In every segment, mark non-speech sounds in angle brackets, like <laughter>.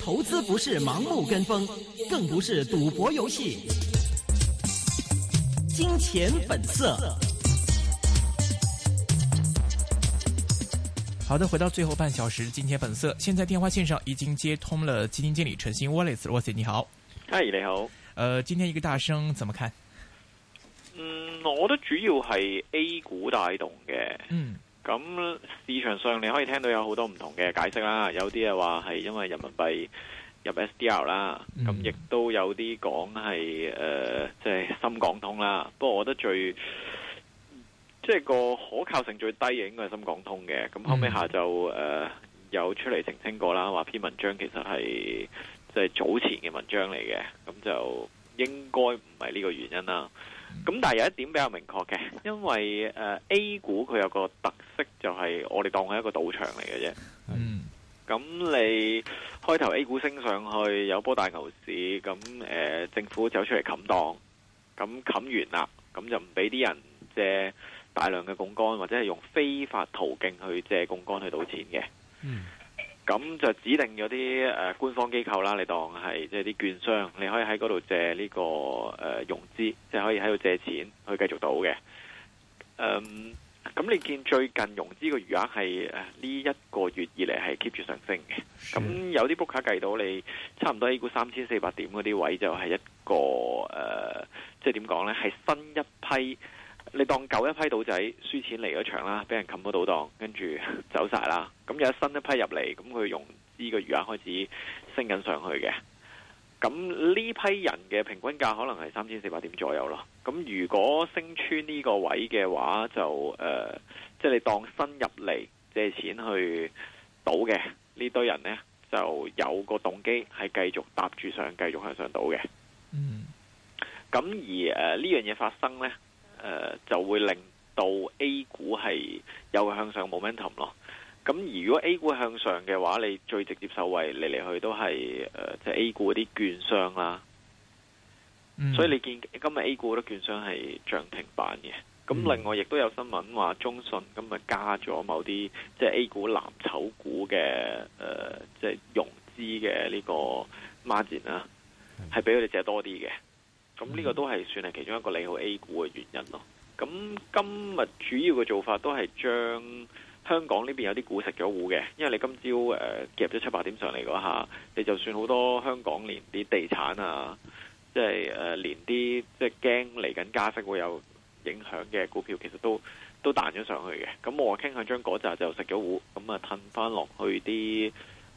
投資不是盲目跟風，更不是賭博遊戲。金錢本色。好的，回到最後半小時，《金錢本色》。現在電話線上已經接通了基金經理陳昕 Wallace。Wallace，你好。嗨，你好。呃，今天一個大升怎麼看？嗯，我覺得主要係 A 股帶動嘅。嗯。咁市場上你可以聽到有好多唔同嘅解釋啦，有啲係話係因為人民幣入 SDR 啦，咁亦都有啲講係誒即係深港通啦。不過我覺得最即係、就是、個可靠性最低嘅應該係深港通嘅。咁後尾下晝誒、呃、有出嚟澄清過啦，話篇文章其實係即係早前嘅文章嚟嘅，咁就應該唔係呢個原因啦。咁但係有一點比較明確嘅，因為誒、呃、A 股佢有個特色就係我哋當係一個賭場嚟嘅啫。咁、嗯、你開頭 A 股升上去有波大牛市，咁、呃、政府走出嚟冚檔，咁冚完啦，咁就唔俾啲人借大量嘅槓桿，或者係用非法途徑去借槓桿去賭錢嘅。嗯。咁就指定咗啲、呃、官方機構啦，你當係即係啲券商，你可以喺嗰度借呢、這個、呃、融資，即、就、係、是、可以喺度借錢去繼續賭嘅。咁、嗯、你見最近融資嘅餘額係呢、呃、一個月以嚟係 keep 住上升嘅。咁的有啲 book 卡、er、計到你差唔多 A 股三千四百點嗰啲位就係一個即係點講呢？係新一批。你當舊一批賭仔輸錢嚟嗰場啦，俾人冚咗賭檔，跟住走晒啦。咁有一新一批入嚟，咁佢用呢個餘額開始升緊上去嘅。咁呢批人嘅平均價可能係三千四百點左右咯。咁如果升穿呢個位嘅話，就誒，即、呃、係、就是、你當新入嚟借錢去賭嘅呢堆人呢，就有個動機係繼續搭住上，繼續向上賭嘅。咁、嗯、而誒呢樣嘢發生呢？誒、呃、就會令到 A 股係有向上嘅 momentum 咯。咁如果 A 股向上嘅話，你最直接受惠嚟嚟去都係即、呃即係、A 股啲券商啦。嗯、所以你見今日 A 股啲券商係漲停板嘅。咁另外亦都有新聞話，中信今日加咗某啲即、即係、A 股藍籌股嘅即、呃即係、融資嘅呢個 margin 啦、啊，係俾佢哋借多啲嘅。咁呢個都係算係其中一個利好 A 股嘅原因咯。咁今日主要嘅做法都係將香港呢邊有啲股食咗糊嘅，因為你今朝誒、呃、夾咗七八點上嚟嗰下，你就算好多香港連啲地產啊，即係誒連啲即係驚嚟緊加息會有影響嘅股票，其實都都彈咗上去嘅。咁我傾向將嗰扎就食咗糊，咁啊褪翻落去啲誒，即、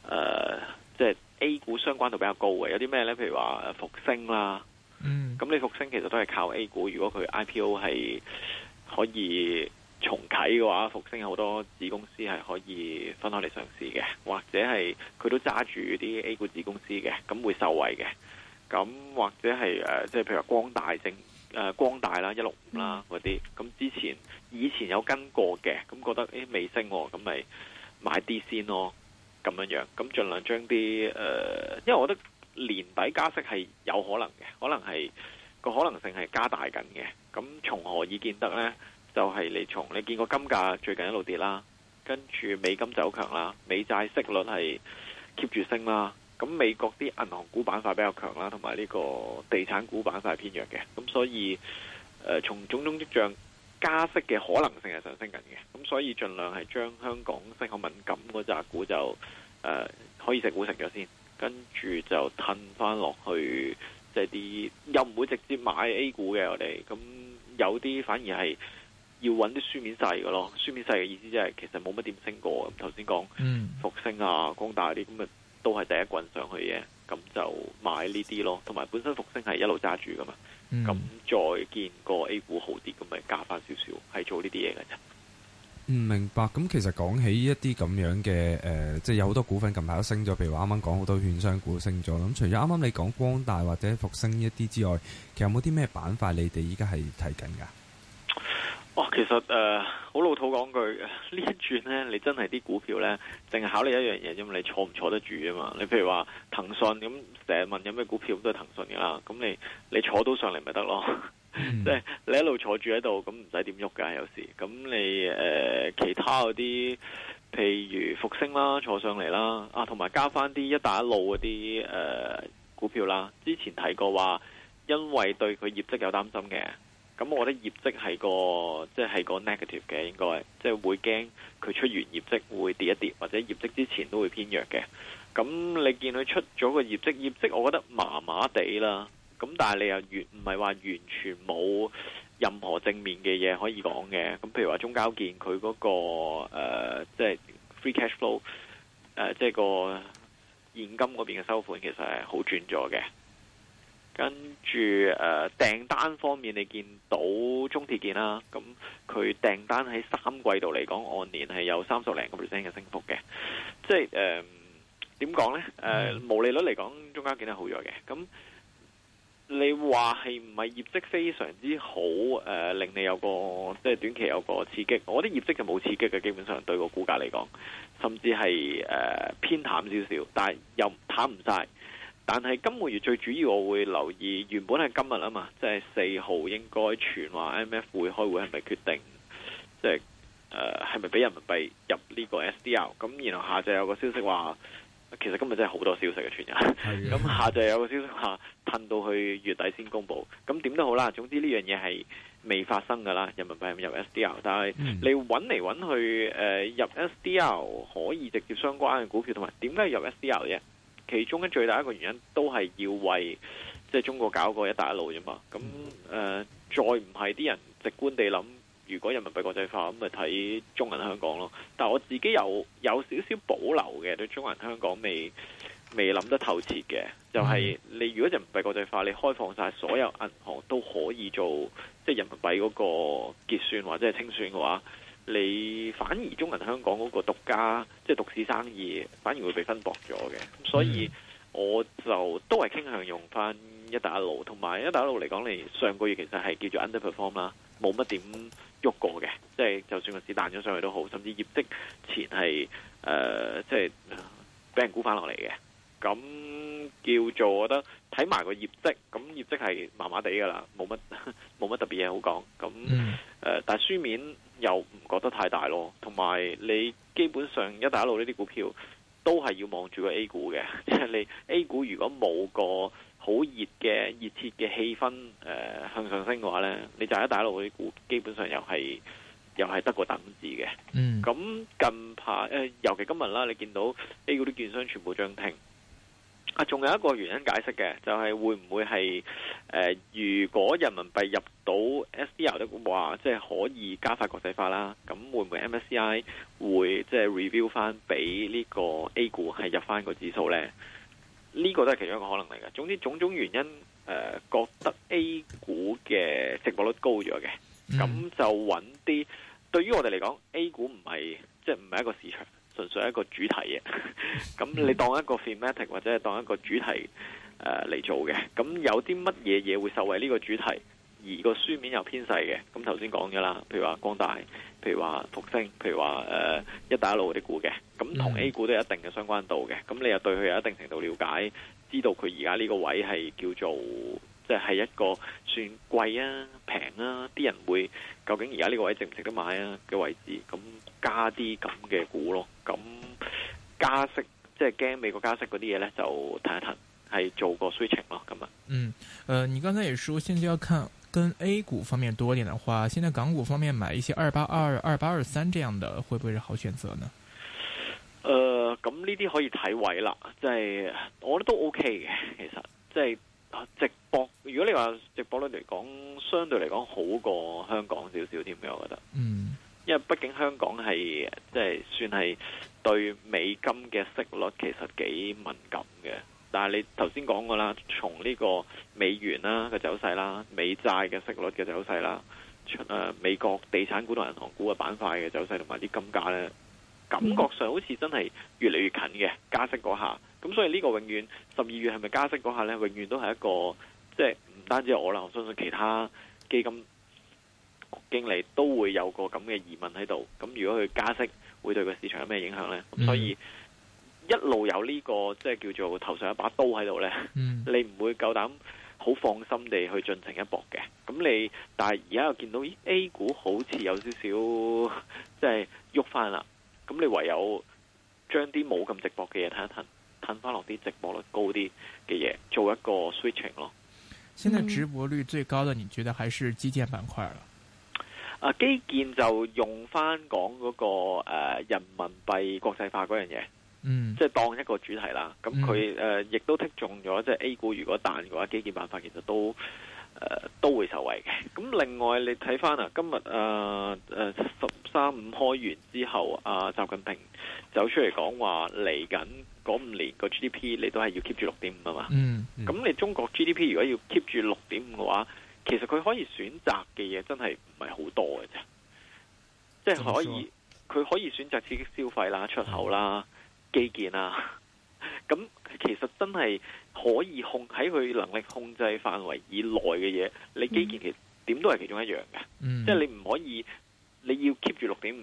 呃、係、就是、A 股相關度比較高嘅，有啲咩呢？譬如話復星啦。嗯，咁你復星其實都係靠 A 股，如果佢 IPO 係可以重啟嘅話，復星有好多子公司係可以分開嚟上市嘅，或者係佢都揸住啲 A 股子公司嘅，咁會受惠嘅。咁或者係即係譬如話光大證、呃、光大啦、一六五啦嗰啲，咁之前以前有跟過嘅，咁覺得、欸、未升喎、啊，咁咪買啲先咯，咁樣樣，咁盡量將啲誒、呃，因為我覺得。年底加息係有可能嘅，可能係個可能性係加大緊嘅。咁從何以見得呢？就係、是、你從你見過金價最近一路跌啦，跟住美金走強啦，美債息率係 keep 住升啦。咁美國啲銀行股板塊比較強啦，同埋呢個地產股板塊偏弱嘅。咁所以誒、呃，從種種跡象，加息嘅可能性係上升緊嘅。咁所以盡量係將香港升好敏感嗰扎股就、呃、可以食股食咗先。跟住就褪翻落去，即係啲又唔會直接買 A 股嘅我哋，咁有啲反而係要揾啲書面細嘅咯。書面細嘅意思即係其實冇乜點升過，咁頭先講復星啊、光大啲咁啊，都係第一棍上去嘅，咁就買呢啲咯。同埋本身復星係一路揸住噶嘛，咁、嗯、再見個 A 股好啲，咁咪加翻少少，係做呢啲嘢嘅啫。唔明白，咁其實講起一啲咁樣嘅、呃，即係有好多股份近排都升咗，譬如話啱啱講好多券商股升咗。咁除咗啱啱你講光大或者復星一啲之外，其實有冇啲咩板塊你哋依家係睇緊噶？哦，其實呃，好老土講句呢一轉呢，你真係啲股票呢，淨係考慮一樣嘢啫嘛，因為你坐唔坐得住啊嘛？你譬如話騰訊咁，成日問有咩股票都係騰訊噶啦，咁你你坐到上嚟咪得咯？ <laughs> <noise> <noise> 即係你一路坐住喺度，咁唔使點喐噶。有時咁你誒、呃、其他嗰啲，譬如復星啦，坐上嚟啦，啊，同埋加翻啲一帶一路嗰啲誒股票啦。之前提過話，因為對佢業績有擔心嘅，咁我覺得業績係個即係個 negative 嘅，應該即係會驚佢出完業績會跌一跌，或者業績之前都會偏弱嘅。咁你見佢出咗個業績，業績我覺得麻麻地啦。咁但係你又唔係話完全冇任何正面嘅嘢可以講嘅。咁譬如話中交建佢嗰、那個誒，即、呃、係、就是、free cash flow 誒、呃，即、就、係、是、個現金嗰邊嘅收款其實係好轉咗嘅。跟住誒，訂、呃、單方面你見到中鐵建啦，咁佢訂單喺三季度嚟講，按年係有三十零個 percent 嘅升幅嘅。即係誒，點講咧？誒、呃，毛利率嚟講，中交建係好咗嘅。咁你話係唔係業績非常之好？誒、呃，令你有個即係短期有個刺激。我啲業績就冇刺激嘅，基本上對個股價嚟講，甚至係誒、呃、偏淡少少，但係又淡唔晒。但係今個月最主要，我會留意原本係今日啊嘛，即係四號應該傳話 M F 會開會係咪決定？即係誒係咪俾人民幣入呢個 S D R？咁然後下晝有個消息話，其實今日真係好多消息嘅傳人，咁的、嗯、下就有個消息話褪到去月底先公布。咁點都好啦，總之呢樣嘢係未發生噶啦。人民幣入 S D R，但係你揾嚟揾去，誒、呃、入 S D R 可以直接相關嘅股票同埋，點解入 S D R 嘅？其中嘅最大一個原因都係要為即係、就是、中國搞個一帶一路啫嘛。咁誒、呃，再唔係啲人直觀地諗。如果人民幣國際化，咁咪睇中銀香港咯。但係我自己有有少少保留嘅，對中銀香港未未諗得透徹嘅，就係、是、你如果人民幣國際化，你開放晒所有銀行都可以做即係、就是、人民幣嗰個結算或者係清算嘅話，你反而中銀香港嗰個獨家即係、就是、獨市生意反而會被分薄咗嘅，所以我就都係傾向用返一帶一路，同埋一帶一路嚟講，你上個月其實係叫做 underperform 啦，冇乜點。喐過嘅，即係就算個市彈咗上去都好，甚至業績前係誒，即係俾人估翻落嚟嘅，咁叫做我覺得睇埋個業績，咁業績係麻麻地噶啦，冇乜冇乜特別嘢好講，咁、嗯呃、但係書面又唔覺得太大咯，同埋你基本上一帶一路呢啲股票都係要望住個 A 股嘅，即係你 A 股如果冇個。好熱嘅熱切嘅氣氛，誒、呃、向上升嘅話呢，你就喺大陸嗰啲股，基本上又係又係得個等字嘅。嗯，咁近排誒、呃，尤其今日啦，你見到 A 股啲券商全部漲停。仲、啊、有一個原因解釋嘅，就係、是、會唔會係誒、呃？如果人民幣入到 SDR 的話，即、就、係、是、可以加快國際化啦。咁會唔會 MSCI 會即係 review 返，俾呢個 A 股係入返個指數呢？呢個都係其中一個可能嚟嘅。總之，種種原因誒、呃，覺得 A 股嘅值搏率高咗嘅，咁、嗯、就揾啲對於我哋嚟講 A 股唔係即係唔係一個市場，純粹係一個主題嘅。咁 <laughs> 你當一個 thematic 或者係當一個主題誒嚟、呃、做嘅，咁有啲乜嘢嘢會受惠呢個主題？而個書面又偏細嘅，咁頭先講咗啦，譬如話光大，譬如話復星，譬如話誒、呃、一帶一路嗰啲股嘅，咁同 A 股都有一定嘅相關度嘅，咁你又對佢有一定程度了解，知道佢而家呢個位係叫做即係、就是、一個算貴啊、平啊，啲人會究竟而家呢個位值唔值得買啊嘅位置，咁加啲咁嘅股咯，咁加息即係驚美國加息嗰啲嘢呢，就睇一睇係做個需情咯，咁啊。嗯，誒、呃，你剛才也說先至要看。跟 A 股方面多一點的話，現在港股方面買一些二八二、二八二三這樣的，會不會是好選擇呢？誒、呃，咁呢啲可以睇位啦，即、就、係、是、我覺得都 OK 嘅，其實即係、就是、值博，如果你話值博率嚟講，相對嚟講好過香港少少添嘅，我覺得，嗯，因為畢竟香港係即係算係對美金嘅息率其實幾敏感嘅。啊！你頭先講過啦，從呢個美元啦嘅走勢啦、美債嘅息率嘅走勢啦、誒美國地產股同銀行股嘅板塊嘅走勢同埋啲金價呢，感覺上好似真係越嚟越近嘅加息嗰下。咁所以呢個永遠十二月係咪加息嗰下呢？永遠都係一個即係唔單止我啦，我相信其他基金經理都會有個咁嘅疑問喺度。咁如果佢加息，會對個市場有咩影響呢？咁所以。一路有呢、這個即係叫做頭上一把刀喺度呢。嗯、你唔會夠膽好放心地去進行一搏嘅。咁你但係而家又見到，咦？A 股好似有少少即係喐翻啦。咁、就是，你唯有將啲冇咁值博嘅嘢褪一褪，褪翻落啲值博率高啲嘅嘢，做一個 switching 咯。現在值博率最高的，你覺得還是基建板塊啦、嗯？啊，基建就用翻講嗰個誒、呃、人民幣國際化嗰樣嘢。嗯，即係當一個主題啦，咁佢誒亦都剔中咗，即係 A 股如果彈嘅話，基建板塊其實都誒、呃、都會受惠嘅。咁另外你睇翻啊，今日誒誒十三五開完之後，啊、呃、習近平走出嚟講話，嚟緊嗰五年個 GDP 你都係要 keep 住六點五啊嘛嗯。嗯，咁你中國 GDP 如果要 keep 住六點五嘅話，其實佢可以選擇嘅嘢真係唔係好多嘅啫。即係可以，佢可以選擇刺激消費啦、出口啦。嗯基建啊，咁其實真係可以控喺佢能力控制範圍以內嘅嘢，你基建其實點都係其中一樣嘅，即係、嗯、你唔可以，你要 keep 住六點五，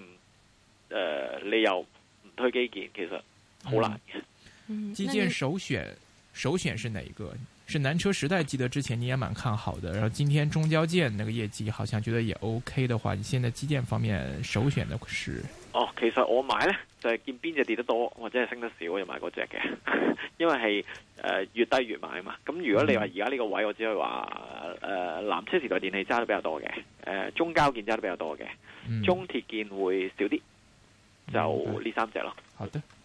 誒，你又唔推基建，其實好難嘅、嗯。基建首選首選是哪一個？是南車時代，記得之前你也蠻看好的，然後今天中交建那個業績好像覺得也 OK 的話，你現在基建方面首選的是？哦，其實我買呢，就係見邊隻跌得多，或者係升得少，我就買嗰隻嘅，因為係越低越買啊嘛。咁如果你話而家呢個位，我只可以話南車時代電器揸得比較多嘅，中交建揸得比較多嘅，中鐵建會少啲，就呢三隻咯。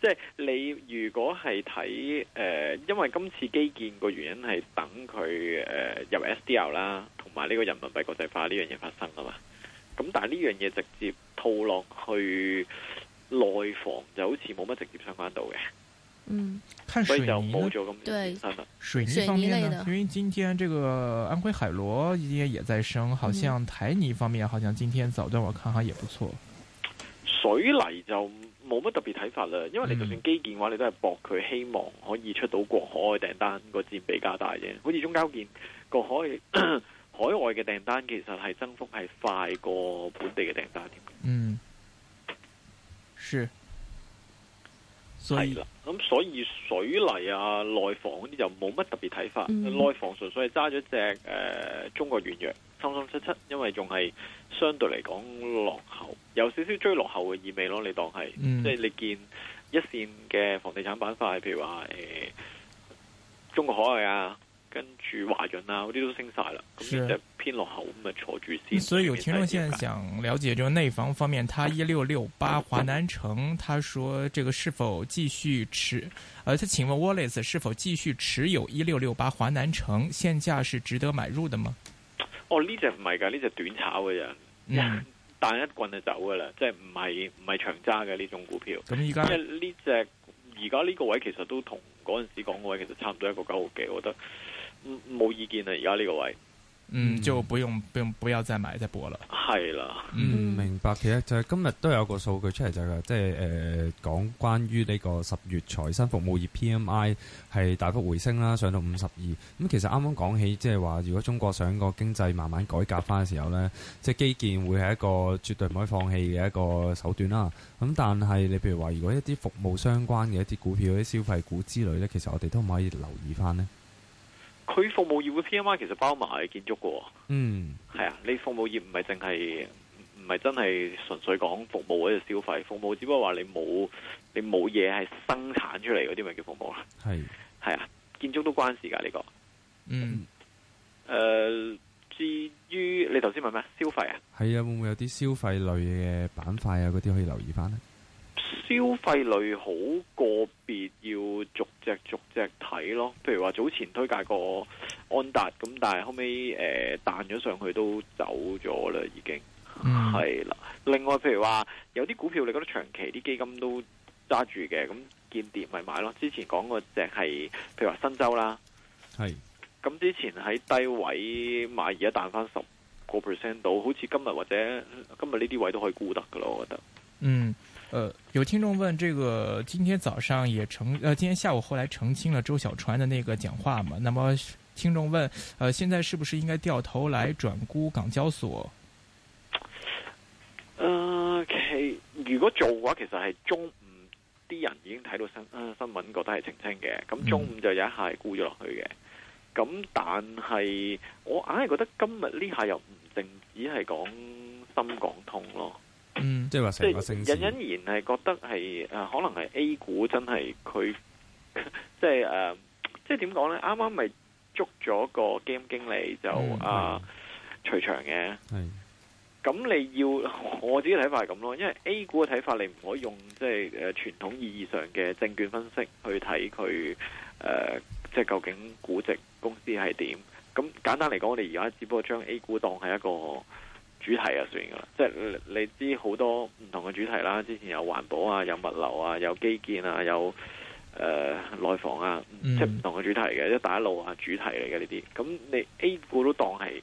即係你如果係睇，誒，因為今次基建個原因係等佢誒、呃、入 S D L 啦，同埋呢個人民幣國際化呢樣嘢發生啊嘛。咁但係呢樣嘢直接套落去內房，就好似冇乜直接相關到嘅。嗯，所以就冇咗咁看水泥對水泥方面呢？因為今天這個安徽海螺也也在升，好像台泥方面，好像今天早段我看下，也不錯。嗯、水泥就。冇乜特別睇法啦，因為你就算基建嘅話，你都係搏佢希望可以出到國外訂單個佔比加大嘅。好似中交建個海海外嘅訂單其實係增幅係快過本地嘅訂單添。嗯，是。係啦，咁所，所以水泥啊、內房嗰啲就冇乜特別睇法。嗯、內房純粹係揸咗隻誒中國遠洋，三三七七，因為仲係相對嚟講落後，有少少追落後嘅意味咯。你當係，嗯、即係你見一線嘅房地產板塊，譬如話誒、呃、中國海外啊。跟住華潤啊，嗰啲都升晒啦，咁呢隻偏落後，咁啊坐住先。啊、先所以有聽眾現在想了解，就內房方面，他一六六八華南城，嗯、他說這個是否繼續持？呃，他請問 Wallace 是否繼續持有一六六八華南城？現價是值得買入的嗎？哦，呢隻唔係噶，呢隻短炒嘅咋，嗯、但一棍就走噶啦，即係唔係唔係長揸嘅呢種股票。咁而家，呢隻而家呢個位其實都同嗰陣時講嘅位其實差唔多一個九毫幾，我覺得。冇意見啦，而家呢個位，嗯，就不用，不用不要再買再播啦，係啦，嗯，嗯明白。其實就係今日都有個數據出嚟，就係即係誒講關於呢個十月財新服務業 P M I 係大幅回升啦，上到五十二。咁其實啱啱講起，即係話如果中國想個經濟慢慢改革翻嘅時候呢，即係基建會係一個絕對唔可以放棄嘅一個手段啦。咁、嗯、但係你譬如話，如果一啲服務相關嘅一啲股票，啲消費股之類呢，其實我哋都唔可以留意翻呢。佢服務業嘅 PMI 其實包埋係建築嘅。嗯，係啊，你服務業唔係淨係唔係真係純粹講服務或者消費服務，只不過話你冇你冇嘢係生產出嚟嗰啲咪叫服務啦。係，係啊，建築都關事噶呢個。嗯，誒、呃，至於你頭先問咩消費啊？係啊，會唔會有啲消費類嘅板塊啊？嗰啲可以留意翻咧。消費類好個別要逐隻逐隻睇咯，譬如話早前推介過安達咁，但係後尾誒彈咗上去都走咗啦，已經係、嗯、啦。另外，譬如話有啲股票，你覺得長期啲基金都揸住嘅，咁見跌咪買咯。之前講過隻係譬如話新洲啦，係咁是之前喺低位買，而家彈翻十個 percent 度，好似今日或者今日呢啲位都可以沽得噶咯，我覺得嗯。呃，有聽眾問，這個今天早上也澄，呃，今天下午後來澄清了周小川的那個講話嘛？那麼聽眾問，呃，現在是不是應該掉頭來轉沽港交所？呃，如果做嘅話，其實係中午啲人已經睇到新、呃、新聞，覺得係澄清嘅，咁中午就有一下係沽咗落去嘅。咁、嗯、但係我硬係覺得今日呢下又唔淨只係講深港通咯。嗯，即係話成個升市，隱隱然係覺得係誒、呃，可能係 A 股真係佢即係誒，即係點講咧？啱啱咪捉咗個 game 經理就、嗯、啊徐翔嘅，咁你要我自己睇法係咁咯，因為 A 股嘅睇法，你唔可以用即係誒傳統意義上嘅證券分析去睇佢誒，即係究竟估值公司係點？咁簡單嚟講，我哋而家只不過將 A 股當係一個。主題就算噶啦，即係你知好多唔同嘅主題啦。之前有環保啊，有物流啊，有基建啊，有誒、呃、內房啊，即係唔同嘅主題嘅。一帶一路啊主題嚟嘅呢啲，咁你 A 股都當係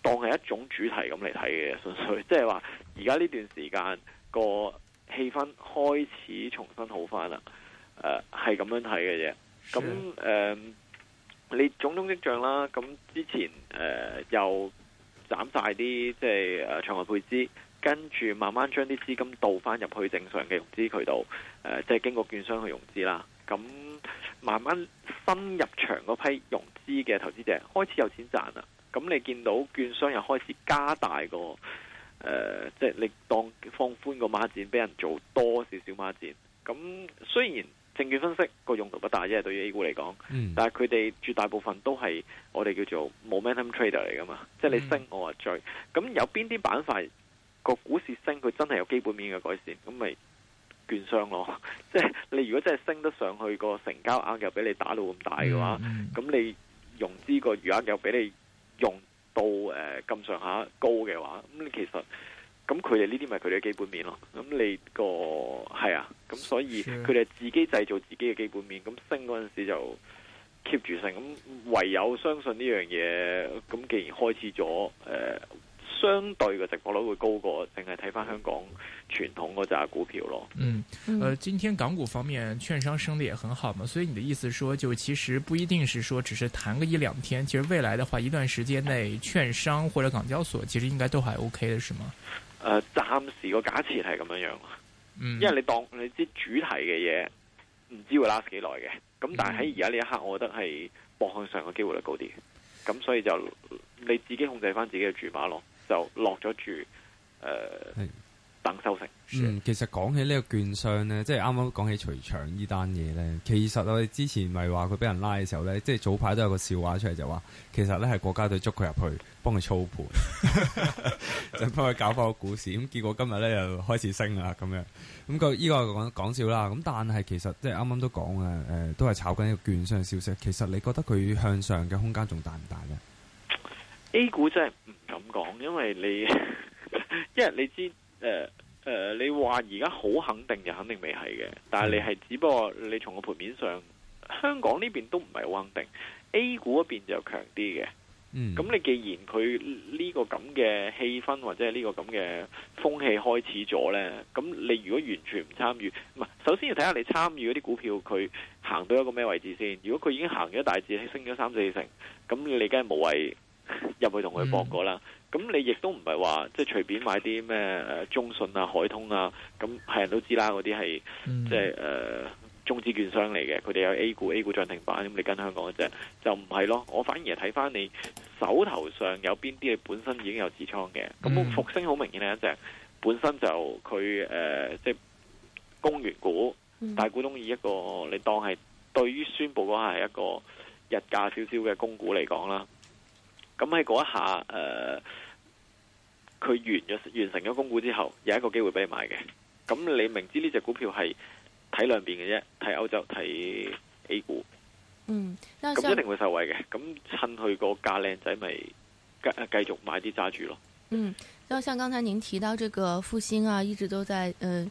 當係一種主題咁嚟睇嘅，純粹即係話而家呢段時間個氣氛開始重新好返、呃嗯呃、啦。誒係咁樣睇嘅啫。咁誒你種種跡象啦。咁之前誒、呃、又。斬晒啲即係場外配資，跟住慢慢將啲資金倒翻入去正常嘅融資渠道，誒即係經過券商去融資啦。咁慢慢新入場嗰批融資嘅投資者開始有錢賺啦。咁你見到券商又開始加大個即係力當放寬個孖展，俾人做多少少孖展。咁雖然。證券分析個用途不大，即係對於 A 股嚟講，嗯、但係佢哋絕大部分都係我哋叫做 momentum trader 嚟㗎嘛，即、就、係、是、你升、嗯、我就追。咁有邊啲板塊個股市升，佢真係有基本面嘅改善，咁咪券商咯。即 <laughs> 係你如果真係升得上去，那個成交額又俾你打到咁大嘅話，咁、嗯嗯、你融資個餘額又俾你用到誒咁上下高嘅話，咁你其實。咁佢哋呢啲咪佢哋嘅基本面咯，咁你個係啊，咁所以佢哋自己製造自己嘅基本面，咁、啊、升嗰陣時就 keep 住升。咁唯有相信呢樣嘢，咁既然開始咗，誒、呃、相對嘅值博率會高過，淨係睇翻香港傳統嗰紮股票咯。嗯，誒、呃，今天港股方面，券商升得也很好嘛，所以你的意思說，就其實不一定是說，只是彈個一兩天，其實未來的話，一段時間內，券商或者港交所，其實應該都還 OK 嘅，是嗎？誒，暫時個假設係咁樣樣，嗯、因為你當你知主題嘅嘢唔知會 last 幾耐嘅，咁但係喺而家呢一刻，我覺得係博向上嘅機會率高啲，咁所以就你自己控制翻自己嘅注碼咯，就落咗注。呃等收成。嗯，Sure. 其實講起呢個券商咧，即係啱啱講起徐翔呢單嘢咧，其實我哋之前咪話佢俾人拉嘅時候咧，即係早排都有個笑話出嚟，就話其實咧係國家隊捉佢入去幫佢操盤， <laughs> <laughs> 就幫佢搞翻個股市。咁結果今日咧又開始升啦，咁樣咁、嗯這個呢個講講笑啦。咁但係其實即係啱啱都講啊，誒、呃，都係炒緊一個券商嘅消息。其實你覺得佢向上嘅空間仲大唔大呢？A 股真係唔敢講，因為你，因 <laughs> 為你知。誒誒，uh, uh, 你話而家好肯定，就肯定未係嘅。但係你係只不過，你從個盤面上，香港呢邊都唔係好肯定，A 股嗰邊就強啲嘅。嗯，咁你既然佢呢個咁嘅氣氛或者係呢個咁嘅風氣開始咗呢，咁你如果完全唔參與，唔係，首先要睇下你參與嗰啲股票，佢行到一個咩位置先。如果佢已經行咗大致升咗三四成，咁你梗係無謂。入去同佢搏過啦，咁、嗯、你亦都唔係話即係隨便買啲咩誒中信啊、海通啊，咁係人都知啦，嗰啲係即係誒中資券商嚟嘅，佢哋有 A 股、A 股漲停板，咁你跟香港嗰隻，就唔係咯。我反而係睇翻你手頭上有邊啲，你本身已經有持倉嘅。咁、嗯、復星好明顯係一隻本身就佢誒即係公員股，嗯、大股東以一個你當係對於宣布嗰下係一個日價少少嘅公股嚟講啦。咁喺嗰一下，誒、呃，佢完咗完成咗公股之後，有一個機會俾你買嘅。咁你明知呢隻股票係睇兩邊嘅啫，睇歐洲睇 A 股，嗯，咁一定會受惠嘅。咁趁佢個價靚仔，咪繼繼續買啲揸住咯。嗯，就，像剛才您提到這個復興啊，一直都在，嗯、呃。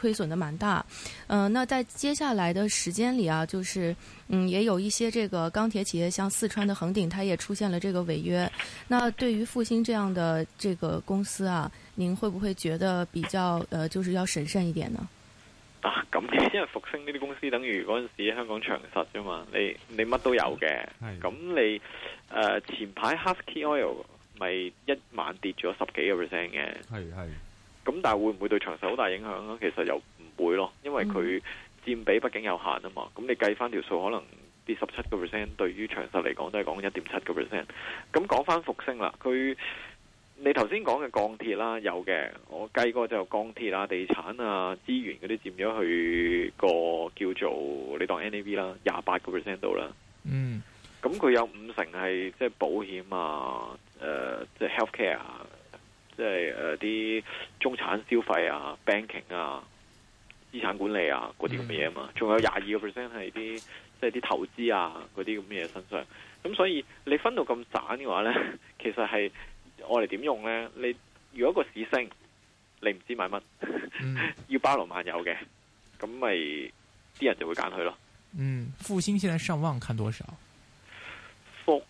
虧損得蠻大，嗯、呃，那在接下來的時間裏啊，就是，嗯，也有一些這個鋼鐵企業，像四川的恒鼎，它也出現了這個違約。那對於復星這樣的這個公司啊，您會不會覺得比較，呃，就是要審慎一點呢？啊咁因為復星呢啲公司等於嗰陣時香港長實啫嘛，你你乜都有嘅，係的，咁你誒、呃、前排 Husky Oil 咪一晚跌咗十幾個 percent 嘅，係係。咁但係會唔會對長實好大影響啊？其實又唔會咯，因為佢佔比畢竟有限啊嘛。咁你計翻條數，可能跌十七個 percent，對於長實嚟講都係講一點七個 percent。咁講翻復星啦，佢你頭先講嘅鋼鐵啦，有嘅，我計過就鋼鐵啊、地產啊、資源嗰啲佔咗去個叫做你當 NAV 啦，廿八個 percent 度啦。嗯，咁佢有五成係即係保險啊，誒、呃，即係 health care 啊。即係誒啲中產消費啊、banking 啊、資產管理啊嗰啲咁嘅嘢啊嘛，仲、嗯、有廿二個 percent 係啲即係啲投資啊嗰啲咁嘅嘢身上，咁所以你分到咁散嘅話咧，其實係我哋點用咧？你如果個市升，你唔知買乜，嗯、 <laughs> 要包羅萬有嘅，咁咪啲人就會揀佢咯。嗯，復星現在上望看多少？復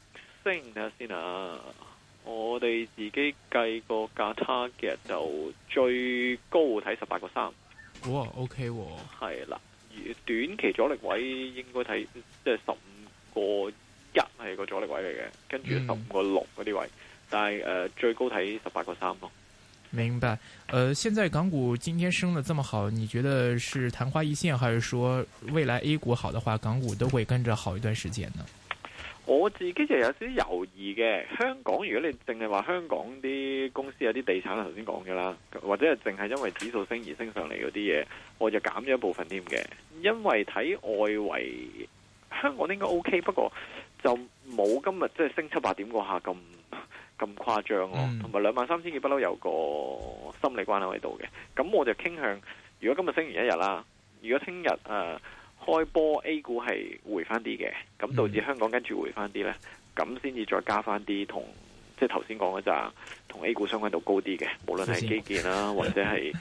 星睇下先啊。我哋自己計個價差嘅就最高睇十八個三，哇、oh, OK 喎，係啦，短期阻力位應該睇即係十五個一係個阻力位嚟嘅，跟住十五個六嗰啲位，嗯、但係誒、呃、最高睇十八個三咯。明白，誒、呃，現在港股今天升得這麼好，你覺得是曇花一現，還是說未來 A 股好的話，港股都會跟着好一段時間呢？我自己就有少少猶豫嘅。香港如果你淨係話香港啲公司有啲地產頭先講嘅啦，或者係淨係因為指數升而升上嚟嗰啲嘢，我就減咗一部分添嘅。因為睇外圍，香港應該 OK，不過就冇今日即係升七八點個下咁咁誇張咯，啊。同埋兩萬三千幾不嬲有個心理關口喺度嘅。咁我就傾向，如果今日升完一日啦，如果聽日誒。呃開波 A 股係回翻啲嘅，咁導致香港跟住回翻啲呢。咁先至再加翻啲同，即係頭先講嗰紮同 A 股相關度高啲嘅，無論係基建啦，或者係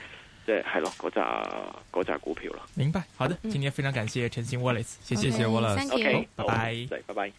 即係係咯，嗰紮紮股票咯。明白，好的，今天非常感謝陳昕 Wallace，謝謝 Wallace，O.K.，拜拜，拜拜。